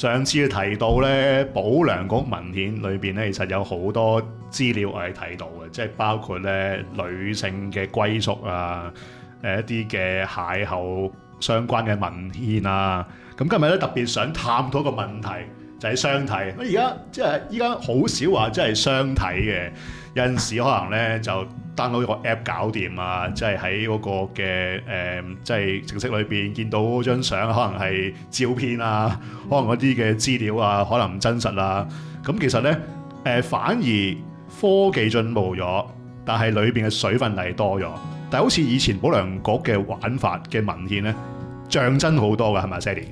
上次提到咧，保良局文獻裏邊咧，其實有好多資料我哋提到嘅，即係包括咧女性嘅歸屬啊，誒一啲嘅邂逅相關嘅文獻啊，咁今日咧特別想探討一個問題。就係相睇，而家即係依家好少話，即係相睇嘅。有陣時可能咧就 download 個 app 搞掂啊，即係喺嗰個嘅誒，即係程式裏邊見到張相，可能係照片啊，可能嗰啲嘅資料啊，可能唔真實啊。咁其實咧誒、呃，反而科技進步咗，但係裏邊嘅水分係多咗。但係好似以前保良局嘅玩法嘅文獻咧，像真好多㗎，係咪 Sally？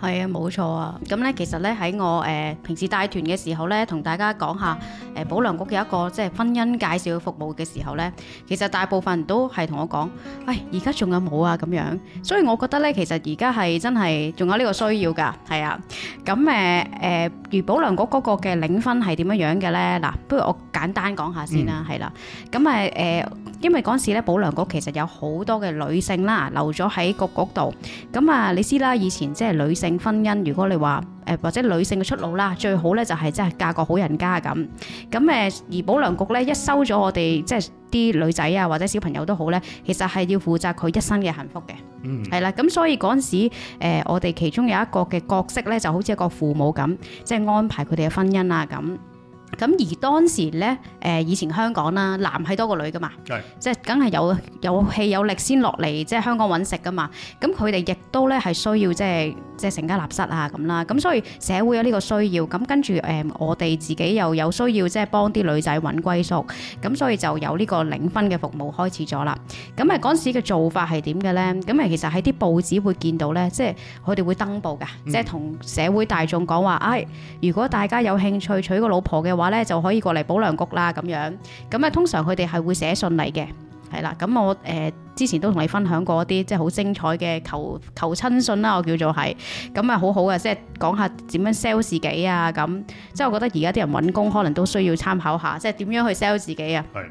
係啊，冇錯啊。咁咧，其實咧喺我誒平時帶團嘅時候咧，同大家講下誒保良局嘅一個即係婚姻介紹服務嘅時候咧，其實大部分都係同我講，誒而家仲有冇啊咁樣。所以我覺得咧，其實而家係真係仲有呢個需要㗎。係啊，咁誒誒，如保良局嗰個嘅領婚係點樣樣嘅咧？嗱，不如我簡單講下先啦，係啦。咁誒誒，因為嗰時咧保良局其實有好多嘅女性啦，留咗喺局局度。咁啊，你知啦，以前即係女性。定婚姻，如果你話誒或者女性嘅出路啦，最好咧就係即係嫁個好人家咁。咁誒而保良局咧一收咗我哋即係啲女仔啊或者小朋友都好咧，其實係要負責佢一生嘅幸福嘅。嗯，係啦，咁所以嗰陣時誒我哋其中有一個嘅角色咧就好似一個父母咁，即係安排佢哋嘅婚姻啊咁。咁而當時咧，誒以前香港啦，男係多過女噶嘛，是的 即係梗係有有氣有力先落嚟，即係香港揾食噶嘛。咁佢哋亦都咧係需要，即係即係成家立室啊咁啦。咁所以社會有呢個需要，咁跟住誒、呃、我哋自己又有需要，即係幫啲女仔揾歸宿，咁所以就有呢個領婚嘅服務開始咗啦。咁嗰陣時嘅做法係點嘅咧？咁啊其實喺啲報紙會見到咧，即係佢哋會登報嘅，嗯、即係同社會大眾講話，誒、哎、如果大家有興趣娶個老婆嘅話。咧就可以過嚟保良局啦，咁樣咁咧，通常佢哋係會寫信嚟嘅。係啦，咁我誒、呃、之前都同你分享過一啲即係好精彩嘅求求親信啦，我叫做係，咁啊，好好嘅，即係講下點樣 sell 自己啊，咁即係我覺得而家啲人搵工可能都需要參考下，即係點樣去 sell 自己啊。係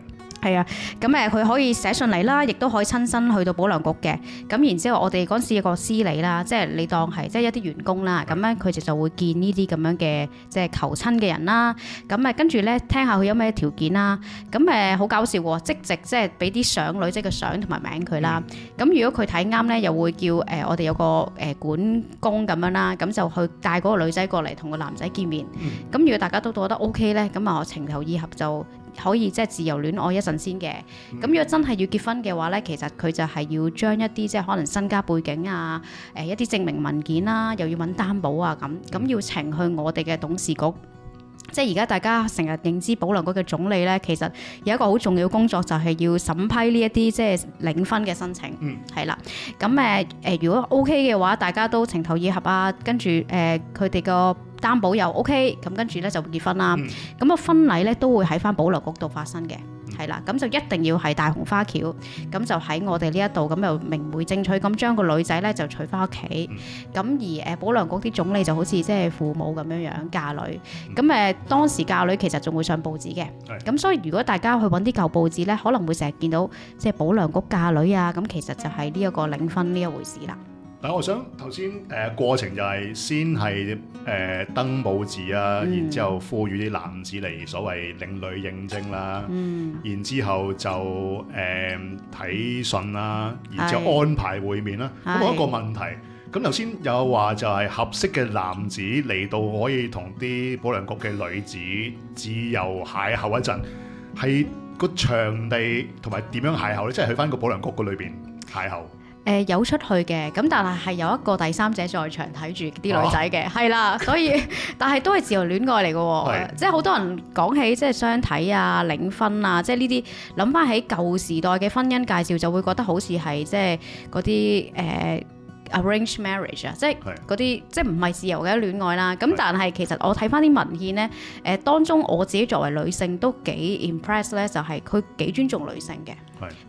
係啊，咁誒佢可以寫信嚟啦，亦都可以親身去到保良局嘅。咁然之後，我哋嗰陣時有個司理啦，即係你當係即係一啲員工啦。咁樣佢哋就會見這這呢啲咁樣嘅即係求親嘅人啦。咁誒跟住咧，聽下佢有咩條件啦。咁誒好搞笑喎，即係即係俾啲相女仔嘅相同埋名佢啦。咁、嗯、如果佢睇啱咧，又會叫誒我哋有個誒管工咁樣啦，咁就去帶嗰個女仔過嚟同個男仔見面。咁、嗯、如果大家都覺得 O K 咧，咁啊我情投意合就。可以即係自由戀愛一陣先嘅，咁、嗯、如果真係要結婚嘅話咧，其實佢就係要將一啲即係可能身家背景啊，誒、呃、一啲證明文件啦、啊，又要揾擔保啊咁，咁要呈去我哋嘅董事局。即係而家大家成日認知保良局嘅總理咧，其實有一個好重要工作就係要審批呢一啲即係領婚嘅申請。嗯，係啦，咁誒誒，如果 OK 嘅話，大家都情投意合啊，跟住誒佢哋個，呃擔保又 OK，咁跟住咧就結婚啦。咁個、嗯、婚禮咧都會喺翻保良局度發生嘅，係啦、嗯。咁就一定要係大紅花轎，咁、嗯、就喺我哋呢一度，咁又明媒正娶咁將個女仔咧就娶翻屋企。咁、嗯、而誒保良局啲總理就好似即係父母咁樣樣嫁女。咁誒、嗯呃、當時嫁女其實仲會上報紙嘅，咁、嗯、所以如果大家去揾啲舊報紙咧，可能會成日見到即係保良局嫁女啊。咁其實就係呢一個領婚呢一回事啦。我想頭先誒過程就係、是、先係誒、呃、登報紙啊，然之後呼籲啲男子嚟所謂領女認證啦，嗯，然之後就誒睇信啦，然之後安排會面啦。咁我、嗯、一個問題，咁頭先有話就係合適嘅男子嚟到可以同啲保良局嘅女子自由邂逅一陣，係、嗰個場地同埋點樣邂逅咧？即係去返個保良局個裏邊邂逅。誒有出去嘅，咁但係係有一個第三者在場睇住啲女仔嘅，係啦、啊，所以但係都係自由戀愛嚟嘅，即係好多人講起即係相睇啊、領婚啊，即係呢啲諗翻起舊時代嘅婚姻介紹就會覺得好似係即係嗰啲誒。就是 Arrange marriage 啊，是的 即係嗰啲即係唔係自由嘅戀愛啦。咁是的 但係其實我睇翻啲文獻咧，誒、呃、當中我自己作為女性都幾 impress 咧，就係佢幾尊重女性嘅。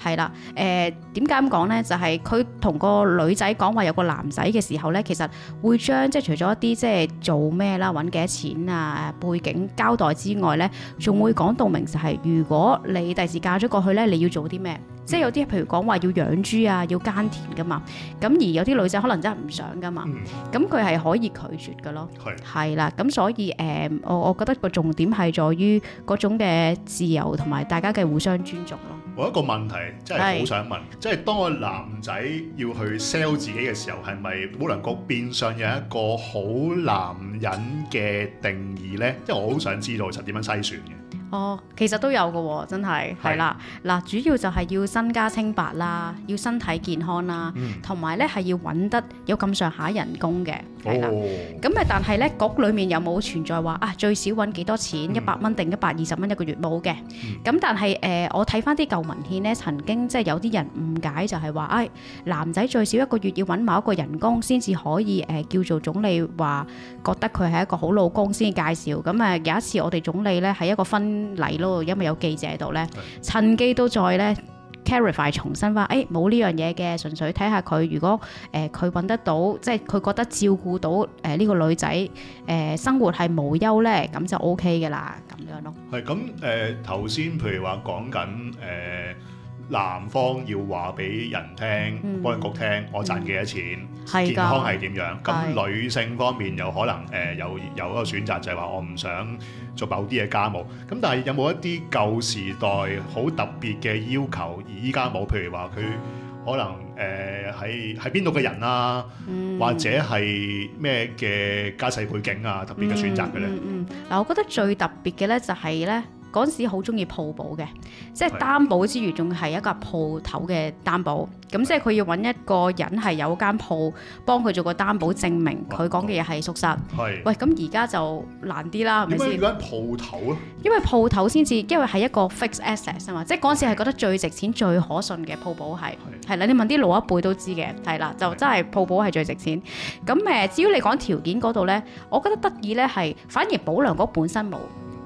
係啦是的，誒點解咁講咧？就係佢同個女仔講話有個男仔嘅時候咧，其實會將即係除咗一啲即係做咩啦、揾幾多錢啊、背景交代之外咧，仲會講到明就係、是、如果你第時嫁咗過去咧，你要做啲咩？即係有啲譬如講話要養豬啊，要耕田噶嘛，咁而有啲女仔可能真係唔想噶嘛，咁佢係可以拒絕噶咯，係啦，咁所以誒，我我覺得個重點係在於嗰種嘅自由同埋大家嘅互相尊重咯。我有一個問題真係好想問，即係當個男仔要去 sell 自己嘅時候，係咪好難個變相有一個好男人嘅定義咧？即係我好想知道就點樣篩選嘅。哦，其實都有嘅喎，真係係是啦，嗱，主要就係要身家清白啦，要身體健康啦，同埋咧係要揾得有咁上下人工嘅，係啦。咁誒、哦，但係咧，局裏面有冇存在話啊，最少揾幾多錢，一百蚊定一百二十蚊一個月，冇嘅。咁、嗯嗯、但係誒、呃，我睇翻啲舊文獻咧，曾經即係有啲人誤解就係話誒，男仔最少一個月要揾某一個人工先至可以誒、呃、叫做總理話覺得佢係一個好老公先介紹。咁誒、啊、有一次我哋總理咧係一個分。嚟咯，因為有記者喺度咧，趁機都再咧 clarify，重新話，誒冇呢樣嘢嘅，純粹睇下佢如果誒佢揾得到，即係佢覺得照顧到誒呢個女仔誒生活係無憂咧，咁就 OK 嘅啦，咁樣咯。係咁誒，頭先譬如話講緊誒。男方要話俾人聽，嗯、保良局聽，我賺幾多錢，嗯、健康係點樣？咁的女性方面又可能誒、呃、有有嗰個選擇，就係、是、話我唔想做某啲嘅家務。咁但係有冇一啲舊時代好特別嘅要求而依家冇？譬如話佢可能誒喺喺邊度嘅人啊，嗯、或者係咩嘅家世背景啊，特別嘅選擇嘅咧、嗯？嗯，嗱、嗯嗯，我覺得最特別嘅咧就係咧。嗰陣時好中意鋪保嘅，即係擔保之餘仲係的一個鋪頭嘅擔保，咁的即係佢要揾一個人係有間鋪幫佢做個擔保證明，佢講嘅嘢係屬實。的喂，咁而家就難啲啦，係咪先？點解而家鋪頭，因為鋪頭先至，因為係一個 fixed asset 啊嘛，即係嗰陣時係覺得最值錢、最可信嘅鋪保係係啦。你問啲老一輩都知嘅，係啦，就真係鋪保係最值錢。咁誒的，至於你講條件嗰度呢，我覺得得意呢係反而保良局本身冇。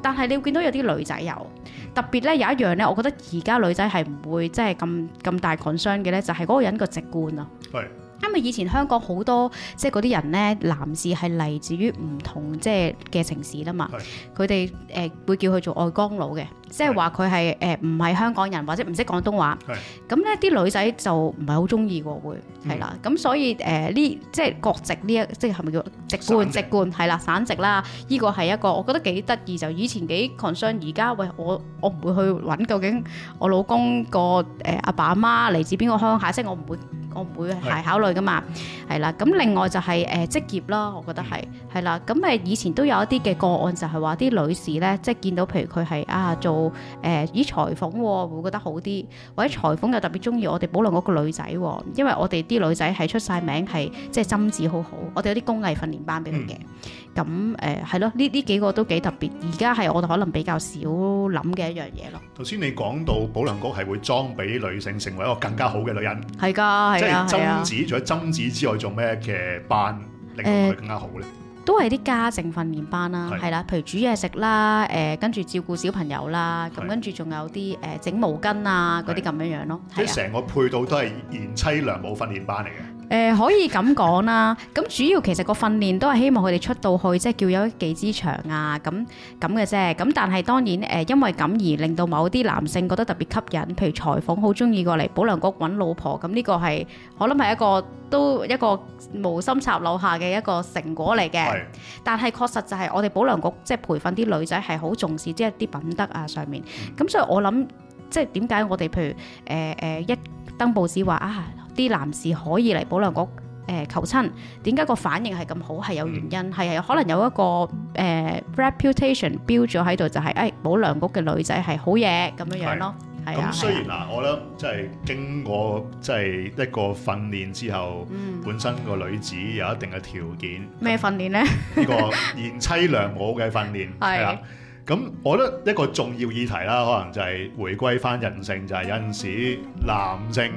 但係你會見到有啲女仔有，特別咧有一樣咧，我覺得而家女仔係唔會即係咁咁大 concern 嘅咧，就係、是、嗰、就是，個人個直觀咯。係。因為以前香港好多即係嗰啲人咧，男士係嚟自於唔同即係嘅城市啦嘛。係。佢哋誒會叫佢做外江佬嘅，即係話佢係誒唔係香港人或者唔識廣東話。係是。咁咧，啲女仔就唔係好鍾意喎，會係、嗯、啦。咁所以誒呢、呃，即係國籍呢一，即係係咪叫籍貫？席籍貫係啦，省籍啦。呢、這個係一個，我覺得幾得意就以前幾 concern，而家喂，我我唔會去揾究竟我老公個誒阿爸阿媽嚟自邊個鄉下，即、就、係、是、我唔會。我唔會係考慮噶嘛，係啦。咁 另外就係、是、誒、呃、職業咯，我覺得係係啦。咁誒以前都有一啲嘅個案，就係話啲女士咧，即、就、係、是、見到譬如佢係啊做誒依、呃、裁縫、哦、會覺得好啲，或者裁縫又特別中意我哋保留局個女仔、哦，因為我哋啲女仔係出晒名係即係針子好好，我哋有啲工藝訓練班俾佢嘅。嗯咁誒係咯，呢呢幾個都幾特別，而家係我哋可能比較少諗嘅一樣嘢咯。頭先你講到保良局係會裝俾女性成為一個更加好嘅女人，係㗎，即係針黹，除咗針黹之外，做咩嘅班令佢更加好咧？都係啲家政訓練班啦，係啦，譬如煮嘢食啦，誒跟住照顧小朋友啦，咁跟住仲有啲誒整毛巾啊嗰啲咁樣樣咯，即係成個配套都係賢妻良母訓練班嚟嘅。誒可以咁講啦，咁主要其實個訓練都係希望佢哋出到去，即係叫有一技之長啊，咁咁嘅啫。咁但係當然誒，因為咁而令到某啲男性覺得特別吸引，譬如裁縫好中意過嚟保良局揾老婆，咁呢個係我諗係一個都一個無心插柳下嘅一個成果嚟嘅。但係確實就係我哋保良局即係培訓啲女仔係好重視即係啲品德啊上面。咁所以我諗即係點解我哋譬如誒誒一登報紙話啊，啲男士可以嚟保良局誒求親，點解個反應係咁好？係有原因，係係可能有一個誒 reputation 標咗喺度，就係誒保良局嘅女仔係好嘢咁樣樣咯。係啊，咁雖然嗱，我覺得即係經過即係一個訓練之後，本身個女子有一定嘅條件。咩訓練咧？呢個賢妻良母嘅訓練係啦。咁我覺得一個重要議題啦，可能就係回歸翻人性，就係有陣時男性，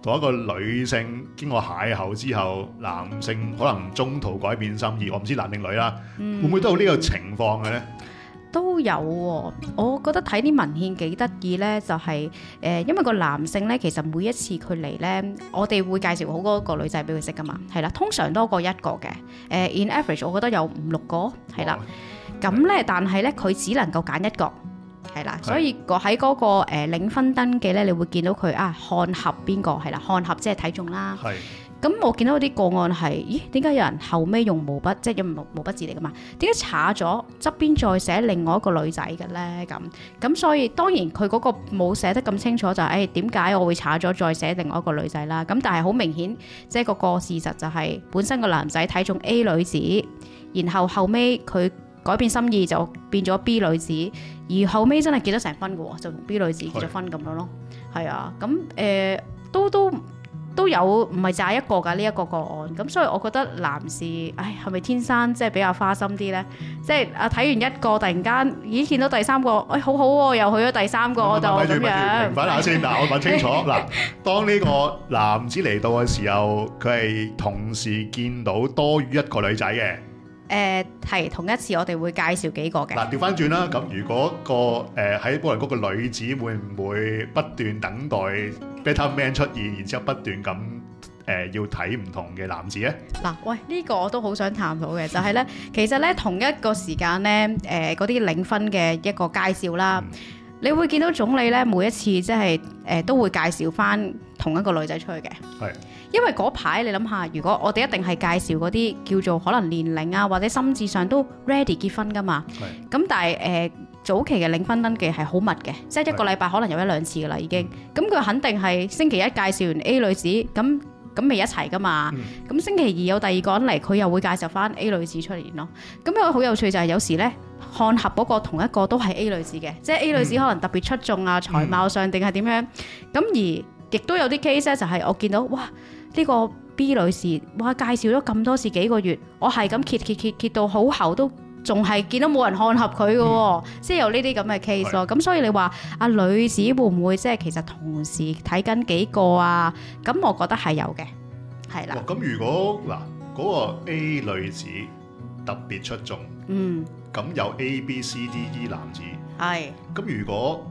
同一個女性經過邂逅之後，男性可能中途改變心意，我唔知男定女啦，會唔會都有呢個情況嘅咧？都有喎，我覺得睇啲文獻幾得意咧，就係誒，因為個男性咧，其實每一次佢嚟咧，我哋會介紹好多個女仔俾佢識㗎嘛，係啦，通常多過一個嘅，誒，in average 我覺得有五六個係啦，咁咧，但係咧，佢只能夠揀一個。係啦，所以個喺嗰個誒領婚登記咧，你會見到佢啊，看合邊個係啦，的看合即係睇中啦。係。咁我見到啲個案係，咦點解有人後尾用毛筆，即係用毛毛筆字嚟噶嘛？點解查咗側邊再寫另外一個女仔嘅咧？咁咁所以當然佢嗰個冇寫得咁清楚，就係誒點解我會查咗再寫另外一個女仔啦？咁但係好明顯，即係個個事實就係本身個男仔睇中 A 女子，然後後尾佢。改變心意就變咗 B 女子，而後尾真係結咗成婚嘅喎，就同 B 女子結咗婚咁樣咯，係啊，咁誒都都都有唔係就係一個㗎呢一個個案，咁所以我覺得男士，唉，係咪天生即係比較花心啲呢？即係啊，睇完一個突然間，咦，見到第三個，唉，好好喎，又去咗第三個度咁樣。明白下先，嗱，我問清楚嗱，當呢個男子嚟到嘅時候，佢係同時見到多於一個女仔嘅。誒係、呃、同一次，我哋會介紹幾個嘅。嗱、啊，調翻轉啦，咁如果個誒喺玻璃谷嘅女子會唔會不斷等待 better man 出現，然之後不斷咁誒、呃、要睇唔同嘅男子咧？嗱、呃，喂，呢、這個我都好想談到嘅，就係、是、咧，其實咧同一個時間咧，誒嗰啲領婚嘅一個介紹啦，嗯、你會見到總理咧每一次即係誒都會介紹翻同一個女仔出去嘅。係。因為嗰排你諗下，如果我哋一定係介紹嗰啲叫做可能年齡啊或者心智上都 ready 結婚㗎嘛，咁是的 但係誒、呃、早期嘅領婚登記係好密嘅，即、就、係、是、一個禮拜可能有一兩次㗎喇已經。咁佢是的 肯定係星期一介紹完 A 女子，咁咁未一齊㗎嘛，咁是的 星期二有第二個人嚟，佢又會介紹返 A 女子出嚟咯。咁有好有趣就係有時呢看合嗰個同一個都係 A 女子嘅，即、就、係、是、A 女子可能特別出眾啊，才是的 貌上定係點樣，咁是的 而。亦都有啲 case 咧，就係我見到，哇！呢個 B 女士，哇！介紹咗咁多次，幾個月，我係咁揭揭揭揭揭到好厚都仲係見到冇人看合佢嘅喎，即係 有呢啲咁嘅 case 咯。咁所以你話阿女子會唔會即係其實同時睇緊幾個啊？咁我覺得係有嘅，係啦。咁如果嗱嗰個 A 女子特別出眾，嗯，咁有 A、B、C、D、E 男子，係咁如果。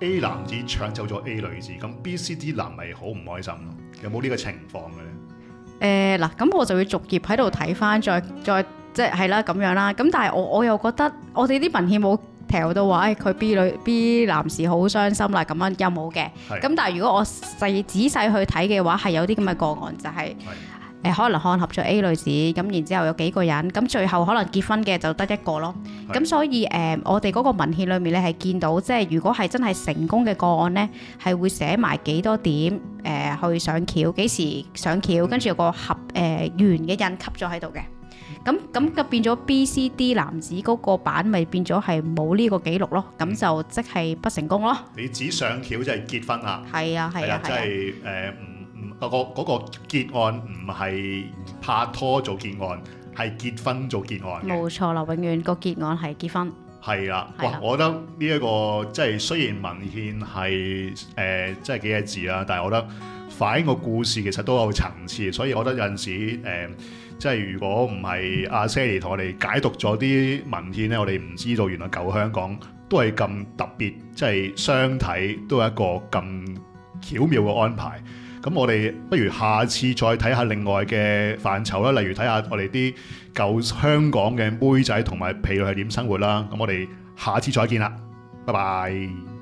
A 男子搶走咗 A 女子，咁 B、C、D 男咪好唔開心咯？有冇呢個情況嘅咧？誒嗱、呃，咁我就會逐頁喺度睇返，再再即係啦咁樣啦。咁但係我我又覺得我哋啲文獻冇提到到話，誒、哎、佢 B 女 B 男士好傷心啦，咁樣又有冇嘅？咁是但係如果我細仔細去睇嘅話，係有啲咁嘅個案就係、是。誒可能看合咗 A 女子，咁然之後有幾個人，咁最後可能結婚嘅就得一個咯。咁所以誒，我哋嗰個文獻裏面咧係見到，即係如果係真係成功嘅個案咧，係會寫埋幾多點誒去上轎，幾時上轎，跟住有個合誒圓嘅印刻咗喺度嘅。咁咁就變咗 B、C、D 男子嗰個版咪變咗係冇呢個記錄咯。咁就即係不成功咯。你指上轎就係結婚啦。係啊係啊，即係誒。個個嗰個結案唔係拍拖做結案，係結婚做結案，冇錯啦。永遠、個結案係結婚係啦。的的哇，我覺得呢、這、一個即係雖然文獻係誒，即係幾隻字啊，但係我覺得反映個故事其實都有層次，所以我覺得有陣時誒，即、呃、係如果唔係阿 Sally 同我哋解讀咗啲文獻咧，我哋唔知道原來舊香港都係咁特別，即係相睇都有一個咁巧妙嘅安排。咁我哋不如下次再睇下另外嘅範疇啦，例如睇下我哋啲舊香港嘅妹仔同埋婢女係點生活啦。咁我哋下次再見啦，拜拜。